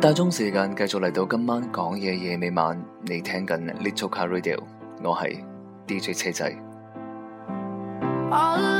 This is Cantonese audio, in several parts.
大鐘時間繼續嚟到今晚講嘢夜未晚，你聽緊 Little Car Radio，我係 DJ 車仔。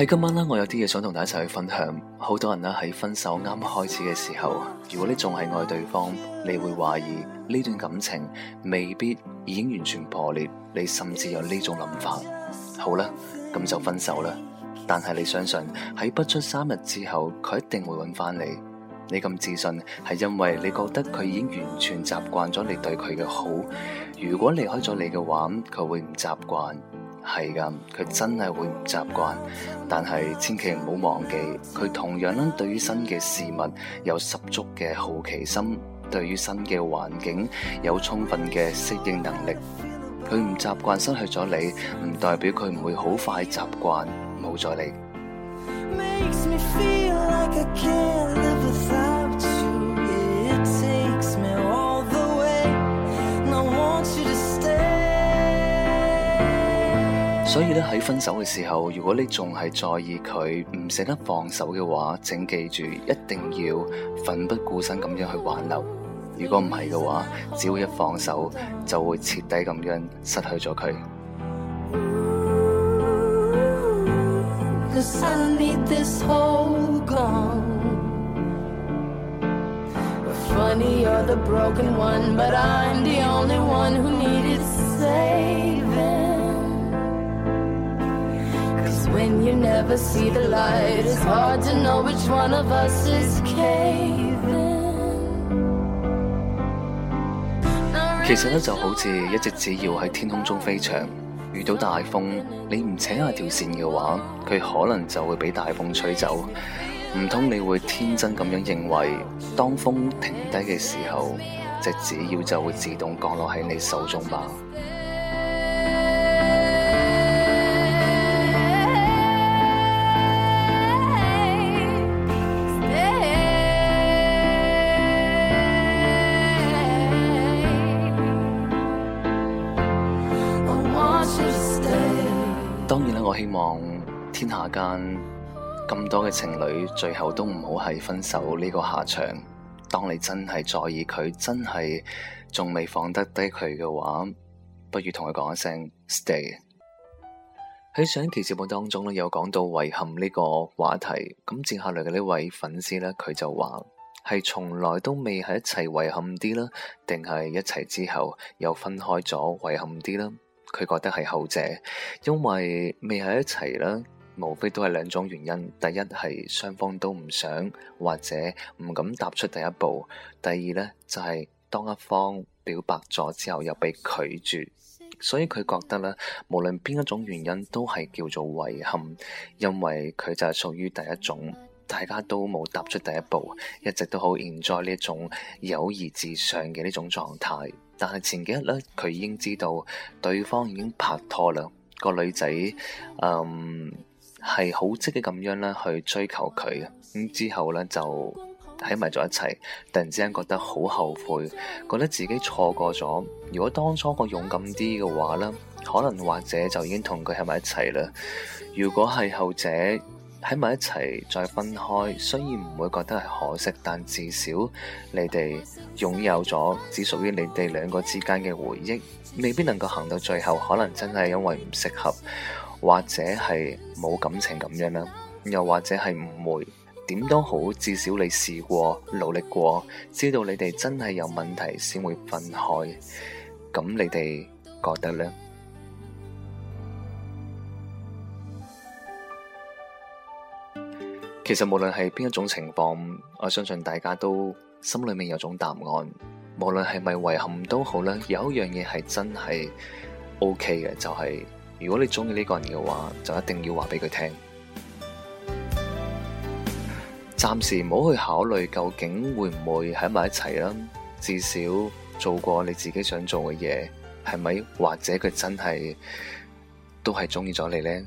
喺今晚啦，我有啲嘢想同大家一齊去分享。好多人啦，喺分手啱開始嘅時候，如果你仲係愛對方，你會懷疑呢段感情未必已經完全破裂，你甚至有呢種諗法。好啦，咁就分手啦。但係你相信喺不出三日之後，佢一定會揾翻你。你咁自信，係因為你覺得佢已經完全習慣咗你對佢嘅好。如果離開咗你嘅話，佢會唔習慣。係噶，佢真係會唔習慣，但係千祈唔好忘記，佢同樣呢，對於新嘅事物有十足嘅好奇心，對於新嘅環境有充分嘅適應能力。佢唔習慣失去咗你，唔代表佢唔會好快習慣冇咗你。不會再所以呢，喺分手嘅時候，如果你仲係在意佢，唔捨得放手嘅話，請記住一定要奮不顧身咁樣去挽留。如果唔係嘅話，只要一放手，就會徹底咁樣失去咗佢。其實咧，就好似一隻紙鷂喺天空中飛翔，遇到大風，你唔扯下條線嘅話，佢可能就會俾大風吹走。唔通你會天真咁樣認為，當風停低嘅時候，隻紙鷂就會自動降落喺你手中吧？嗯，咁多嘅情侶最後都唔好係分手呢個下場。當你真係在意佢，真係仲未放得低佢嘅話，不如同佢講一聲 stay。喺 上期節目當中呢，有講到遺憾呢個話題。咁接下嚟嘅呢位粉絲呢，佢就話係從來都未喺一齊遺憾啲啦，定係一齊之後又分開咗遺憾啲啦？佢覺得係後者，因為未喺一齊啦。無非都係兩種原因，第一係雙方都唔想，或者唔敢踏出第一步，第二呢就係、是、當一方表白咗之後又被拒絕，所以佢覺得咧，無論邊一種原因都係叫做遺憾，因為佢就係屬於第一種，大家都冇踏出第一步，一直都好 enjoy 呢一種友誼至上嘅呢種狀態，但係前幾日呢，佢已經知道對方已經拍拖啦，個女仔嗯。係好積極咁樣咧去追求佢，咁之後咧就喺埋咗一齊，突然之間覺得好後悔，覺得自己錯過咗。如果當初我勇敢啲嘅話咧，可能或者就已經同佢喺埋一齊啦。如果係後者喺埋一齊再分開，雖然唔會覺得係可惜，但至少你哋擁有咗只屬於你哋兩個之間嘅回憶，未必能夠行到最後，可能真係因為唔適合。或者係冇感情咁樣啦，又或者係誤會，點都好，至少你試過、努力過，知道你哋真係有問題先會分開。咁你哋覺得呢？其實無論係邊一種情況，我相信大家都心裏面有種答案。無論係咪遺憾都好啦，有一樣嘢係真係 OK 嘅，就係、是。如果你鍾意呢個人嘅話，就一定要話畀佢聽。暫時唔好去考慮究竟會唔會喺埋一齊啦，至少做過你自己想做嘅嘢，係咪？或者佢真係都係鍾意咗你呢？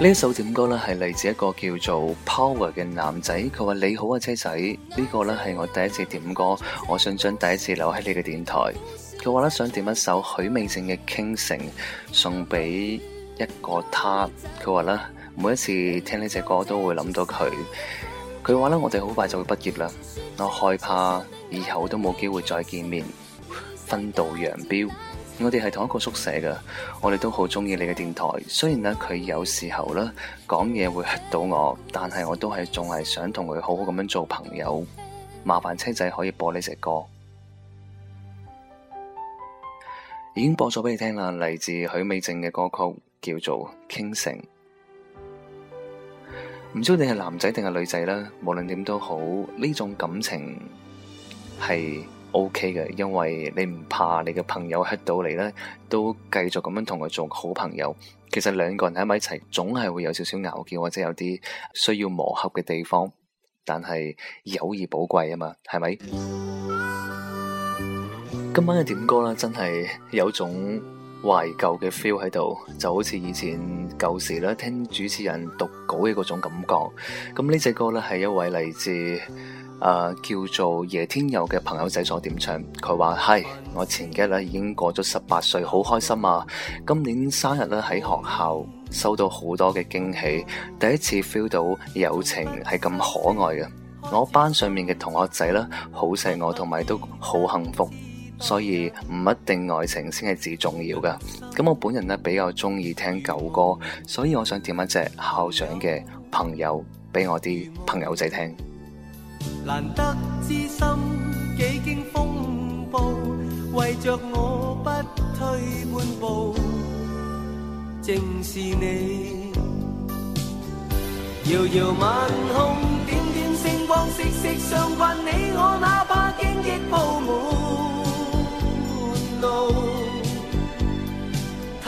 呢一首點歌咧，係嚟自一個叫做 Power 嘅男仔。佢話：你好啊，車仔，呢個咧係我第一次點歌，我想將第一次留喺你嘅電台。佢話想點一首許美靜嘅《傾城》送畀一個他。佢話咧，每一次聽呢隻歌都會諗到佢。佢話咧，我哋好快就會畢業啦，我害怕以後都冇機會再見面，分道揚鑣。我哋係同一個宿舍嘅，我哋都好鍾意你嘅電台。雖然咧佢有時候咧講嘢會嚇到我，但係我都係仲係想同佢好好咁樣做朋友。麻煩車仔可以播呢隻歌。已經播咗俾你聽啦，嚟自許美靜嘅歌曲叫做《傾城》。唔知你係男仔定係女仔啦，無論點都好，呢種感情係 OK 嘅，因為你唔怕你嘅朋友 hurt 到你咧，都繼續咁樣同佢做好朋友。其實兩個人喺埋一齊，總係會有少少拗撬或者有啲需要磨合嘅地方，但係友誼寶貴啊嘛，係咪？今晚嘅點歌咧，真係有種懷舊嘅 feel 喺度，就好似以前舊時咧聽主持人讀稿嘅嗰種感覺。咁呢隻歌咧係一位嚟自誒、呃、叫做夜天佑嘅朋友仔所點唱。佢話：，嗨、hey, 我前幾日咧已經過咗十八歲，好開心啊！今年生日咧喺學校收到好多嘅驚喜，第一次 feel 到友情係咁可愛嘅。我班上面嘅同學仔咧好錫我，同埋都好幸福。所以唔一定愛情先係至重要㗎，咁我本人呢，比較中意聽舊歌，所以我想點一隻校長嘅朋友俾我啲朋友仔聽。「難得知心，幾經風暴，為着我不退半步，正是你。遙遙晚空，點點星光，息息相關，你我哪怕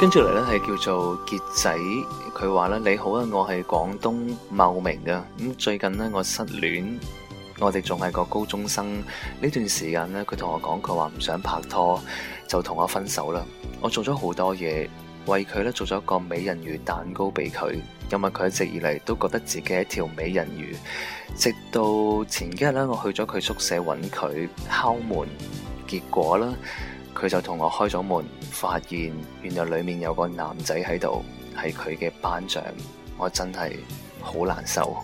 跟住嚟咧係叫做傑仔，佢話咧你好啊，我係廣東茂名嘅，咁最近呢，我失戀，我哋仲係個高中生。呢段時間呢，佢同我講佢話唔想拍拖，就同我分手啦。我做咗好多嘢，為佢咧做咗一個美人魚蛋糕俾佢，因為佢一直以嚟都覺得自己係一條美人魚，直到前幾日咧我去咗佢宿舍搵佢敲門，結果啦。佢就同我開咗門，發現原來裡面有個男仔喺度，係佢嘅班長，我真係好難受。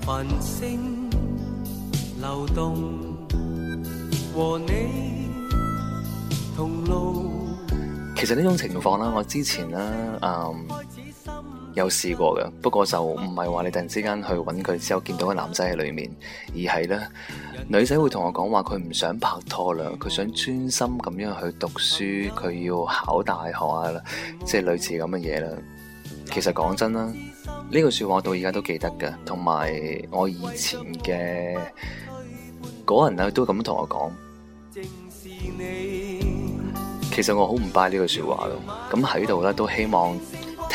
繁星流動，和你同路。其實呢種情況呢，我之前呢。嗯、um，有試過嘅，不過就唔係話你突然之間去揾佢，之後見到個男仔喺裏面，而係呢，女仔會同我講話佢唔想拍拖啦，佢想專心咁樣去讀書，佢要考大學啊，即係類似咁嘅嘢啦。其實講真啦，呢個說話我到而家都記得嘅，同埋我以前嘅嗰人咧都咁同我講，嗯，其實我好唔拜呢個說話咯。咁喺度呢，都希望。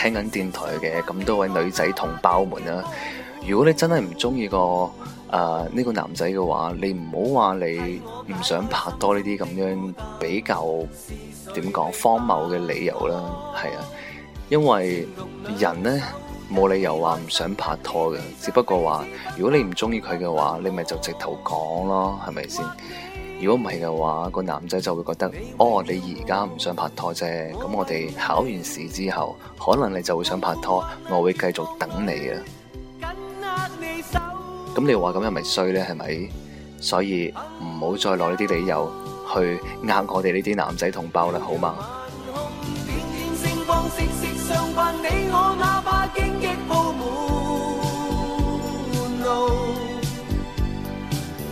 聽緊電台嘅咁多位女仔同胞們啦，如果你真係唔中意個誒呢、呃這個男仔嘅話，你唔好話你唔想拍拖呢啲咁樣比較點講荒謬嘅理由啦，係啊，因為人呢冇理由話唔想拍拖嘅，只不過話如果你唔中意佢嘅話，你咪就，就直頭講咯，係咪先？如果唔係嘅話，個男仔就會覺得，哦，你而家唔想拍拖啫，咁我哋考完試之後，可能你就會想拍拖，我會繼續等你嘅。咁你話咁又咪衰咧？係咪？所以唔好再攞呢啲理由去呃我哋呢啲男仔同胞啦，好嗎？天天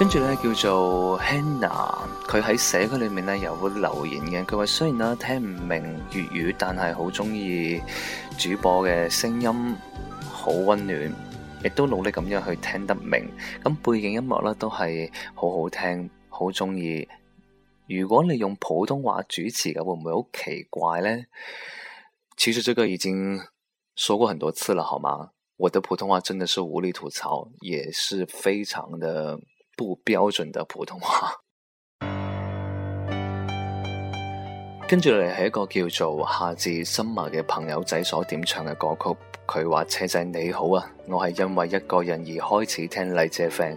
跟住咧叫做 Hannah，佢喺社區裏面咧有會留言嘅。佢話雖然啦聽唔明粵語，但係好中意主播嘅聲音，好溫暖，亦都努力咁樣去聽得明。咁背景音樂咧都係好好聽，好中意。如果你用普通話主持嘅，會唔會好奇怪咧？其實這個已經說過很多次了，好嗎？我的普通話真的是無力吐槽，也是非常的。不標準的普通話。跟住嚟係一個叫做夏至森馬嘅朋友仔所點唱嘅歌曲。佢話：車仔你好啊，我係因為一個人而開始聽麗姐 fan。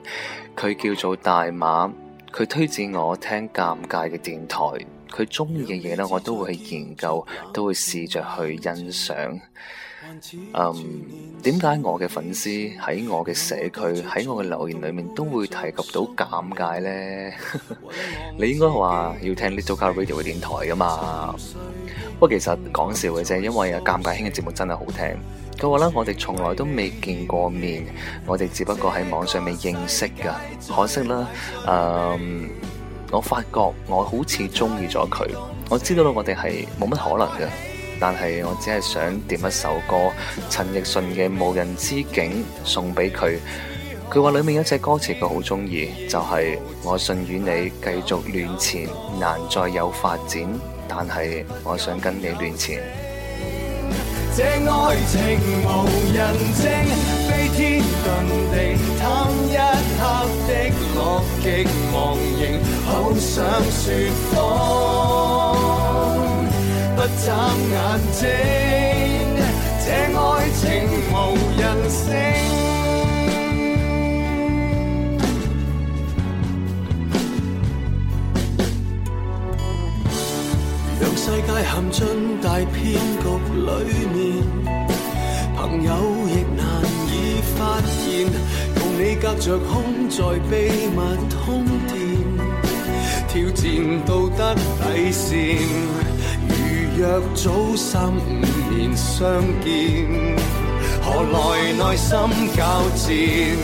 佢叫做大馬，佢推薦我聽尷尬嘅電台。佢中意嘅嘢呢，我都會去研究，都會試着去欣賞。嗯，點解我嘅粉絲喺我嘅社區，喺我嘅留言裏面都會提及到尷尬呢？ 你應該話要聽 Little Car Radio 嘅電台噶嘛？不過其實講笑嘅啫，因為啊尷尬兄嘅節目真係好聽。佢話啦，我哋從來都未見過面，我哋只不過喺網上面認識噶。可惜啦，嗯、um，我發覺我好似中意咗佢，我知道啦，我哋係冇乜可能噶。但係我只係想點一首歌，陳奕迅嘅《無人之境》送俾佢。佢話裏面有一隻歌詞佢好中意，就係、是、我信與你繼續亂纏，難再有發展。但係我想跟你亂纏。這愛情無人證，飛天遁地貪一刻的樂極忘形，好想說謊。眨眼睛，這愛情無人性。讓世界陷進大騙局裏面，朋友亦難以發現。共你隔着空在秘密通電，挑戰道德底線。若早三五年相見，何來內心交戰？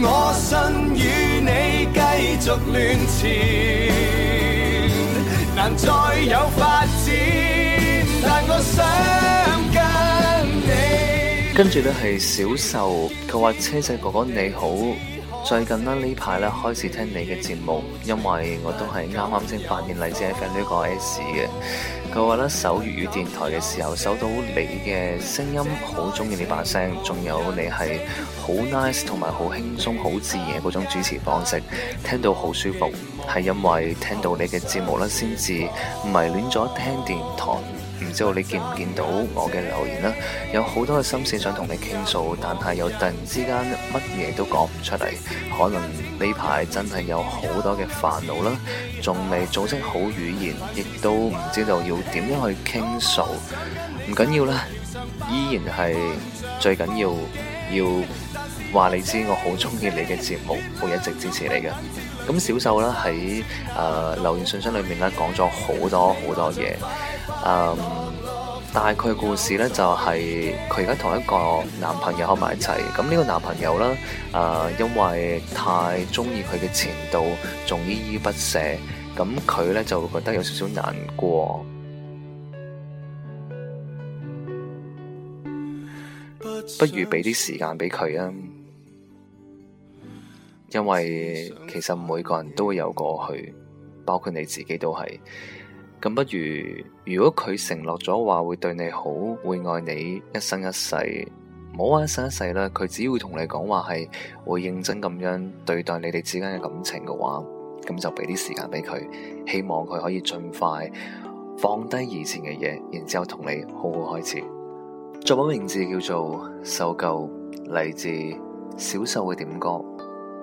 我信與你繼續亂纏，難再有發展。但我想跟你跟着呢，跟住咧係小秀，佢話：車仔哥哥你好，最近啦呢排咧開始聽你嘅節目，因為我都係啱啱先發現荔枝 FM 呢個 S 嘅。佢話呢收粵語電台嘅時候，收到你嘅聲音，好中意你把聲，仲有你係好 nice 同埋好輕鬆、好自然嘅嗰種主持方式，聽到好舒服，係因為聽到你嘅節目咧，先至迷戀咗聽電台。唔知道你見唔見到我嘅留言啦？有好多嘅心事想同你傾訴，但係又突然之間乜嘢都講唔出嚟。可能呢排真係有好多嘅煩惱啦，仲未組織好語言，亦都唔知道要點樣去傾訴。唔緊要啦，依然係最緊要要話你知，我好鍾意你嘅節目，會一直支持你嘅。咁小秀呢，喺誒、呃、留言信箱裏面呢，講咗好多好多嘢，誒大概故事呢，就係佢而家同一個男朋友喺埋一齊，咁呢個男朋友呢，誒、呃、因為太鍾意佢嘅前度，仲依依不捨。咁佢呢，就會覺得有少少難過，不如俾啲時間俾佢啊！因為其實每個人都會有過去，包括你自己都係。咁不如，如果佢承諾咗話會對你好，會愛你一生一世，唔好話一生一世啦。佢只會同你講話係會認真咁樣對待你哋之間嘅感情嘅話，咁就畀啲時間俾佢，希望佢可以盡快放低以前嘅嘢，然之後同你好好開始。作品名字叫做《搜救》，嚟自小說嘅點歌。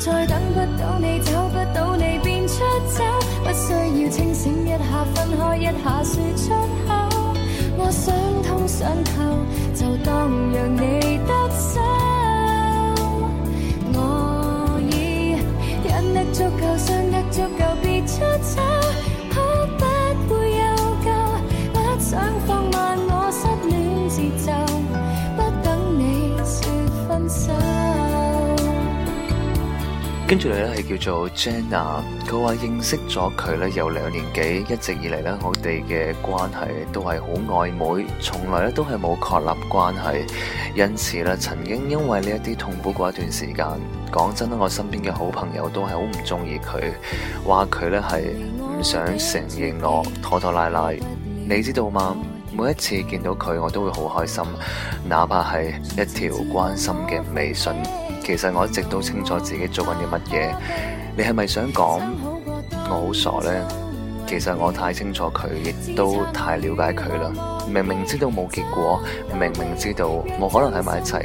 再等不到你，找不到你便出走。不需要清醒一下，分開一下說出口。我想通想透，就當讓你得手。我已忍得足夠，傷得足夠，別出醜。跟住你咧係叫做 Jenna，佢話認識咗佢咧有兩年幾，一直以嚟咧我哋嘅關係都係好曖昧，從來咧都係冇確立關係，因此咧曾經因為呢一啲痛苦過一段時間。講真咧，我身邊嘅好朋友都係好唔中意佢，話佢咧係唔想承認我拖拖拉拉。你知道嗎？每一次見到佢，我都會好開心，哪怕係一條關心嘅微信。其實我一直都清楚自己做緊啲乜嘢，你係咪想講我好傻呢？其實我太清楚佢，亦都太了解佢啦。明明知道冇結果，明明知道冇可能喺埋一齊，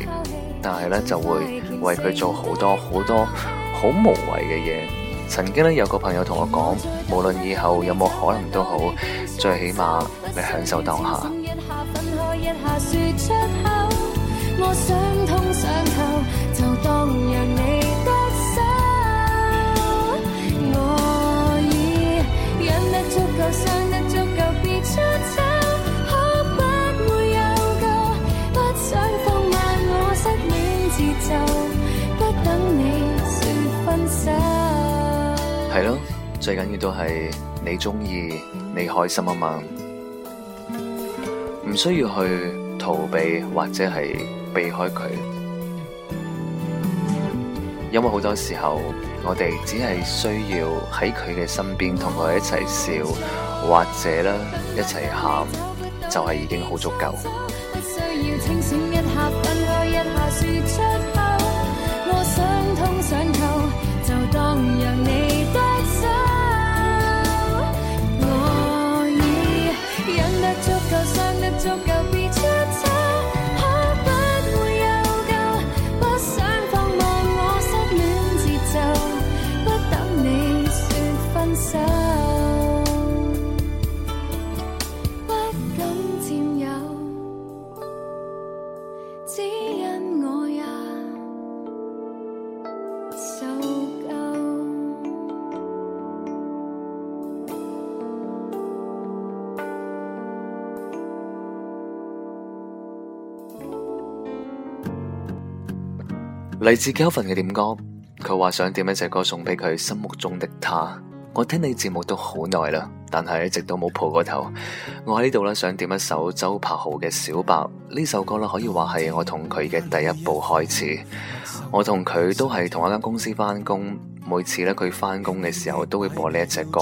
但係咧就會為佢做好多好多好無謂嘅嘢。曾經咧有個朋友同我講，無論以後有冇可能都好，最起碼你享受當下。我想通想透，就當讓你得手，我已忍得足夠，傷得足夠，別出走。可不會有個不想放慢我，失戀節奏，不等你說分手。係咯，最緊要都係你中意，你開心啊嘛？唔需要去逃避或者係避開佢，因為好多時候我哋只係需要喺佢嘅身邊，同佢一齊笑，或者啦一齊喊，就係、是、已經好足夠。 嚟自 Gavin 嘅點歌，佢話想點一隻歌送俾佢心目中的他。我聽你節目都好耐啦，但係一直都冇抱過頭。我喺呢度咧想點一首周柏豪嘅《小白》呢首歌啦，可以話係我同佢嘅第一步開始。我同佢都係同一間公司翻工，每次咧佢翻工嘅時候都會播呢一隻歌，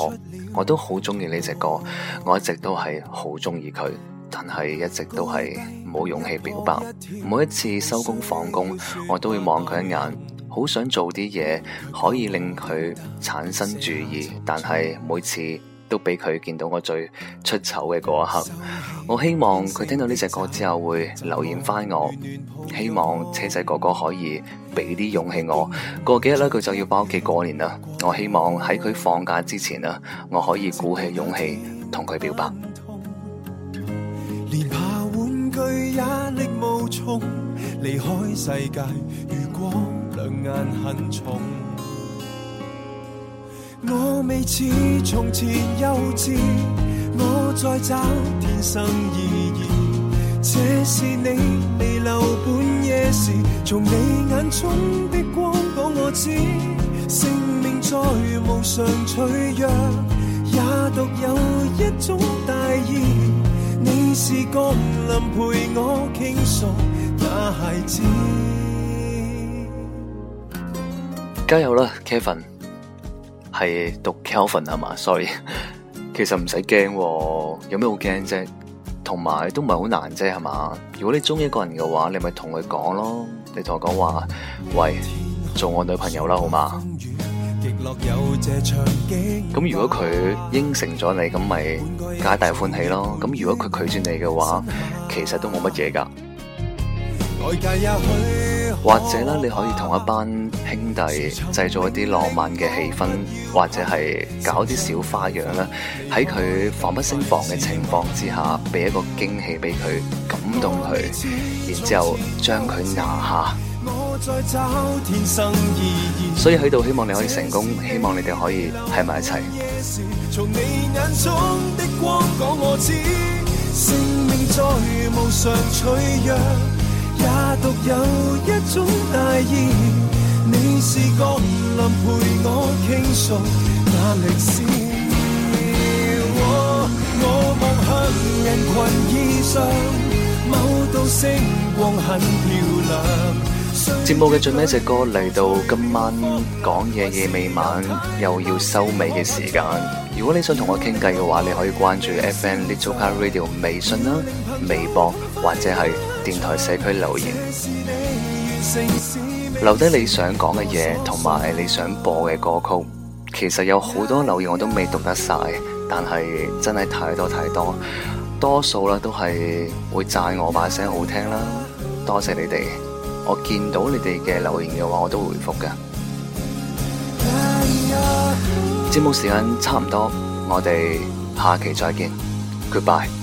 我都好中意呢隻歌，我一直都係好中意佢，但係一直都係。冇勇氣表白，每一次收工放工，我都會望佢一眼，好想做啲嘢可以令佢產生注意，但係每次都俾佢見到我最出醜嘅嗰一刻。我希望佢聽到呢隻歌之後會留言翻我，希望車仔哥哥可以俾啲勇氣我。過幾日咧，佢就要翻屋企過年啦。我希望喺佢放假之前咧，我可以鼓起勇氣同佢表白。衝離開世界，如果兩眼很重，我未似從前幼稚，我在找天生意義。這是你彌留半夜時，從你眼中的光，講我知，生命再無常脆弱，也獨有一種大意。是陪我那孩子。加油啦 k e v i n 係讀 k e l v i n 係嘛？Sorry，其實唔使驚，有咩好驚啫？同埋都唔係好難啫，係嘛？如果你中意一個人嘅話，你咪同佢講咯，你同佢講話，喂，做我女朋友啦，好嗎？咁如果佢應承咗你，咁咪皆大歡喜咯。咁如果佢拒絕你嘅話，其實都冇乜嘢噶。或者咧，你可以同一班兄弟製造一啲浪漫嘅氣氛，或者係搞啲小花樣啦。喺佢防不勝防嘅情況之下，俾一個驚喜俾佢，感動佢，然之後將佢拿下。天生所以喺度希望你可以成功，希望你哋可以喺埋一齊。節目嘅最尾一隻歌嚟到今晚講嘢夜未晚又要收尾嘅時間，如果你想同我傾偈嘅話，你可以關注 FM Little Car Radio 微信啦、微博或者係電台社區留言，留低你想講嘅嘢同埋你想播嘅歌曲。其實有好多留言我都未讀得晒，但係真係太多太多，多數啦都係會讚我把聲好聽啦，多謝你哋。我見到你哋嘅留言嘅話，我都會回覆嘅。節目時間差唔多，我哋下期再見。Goodbye。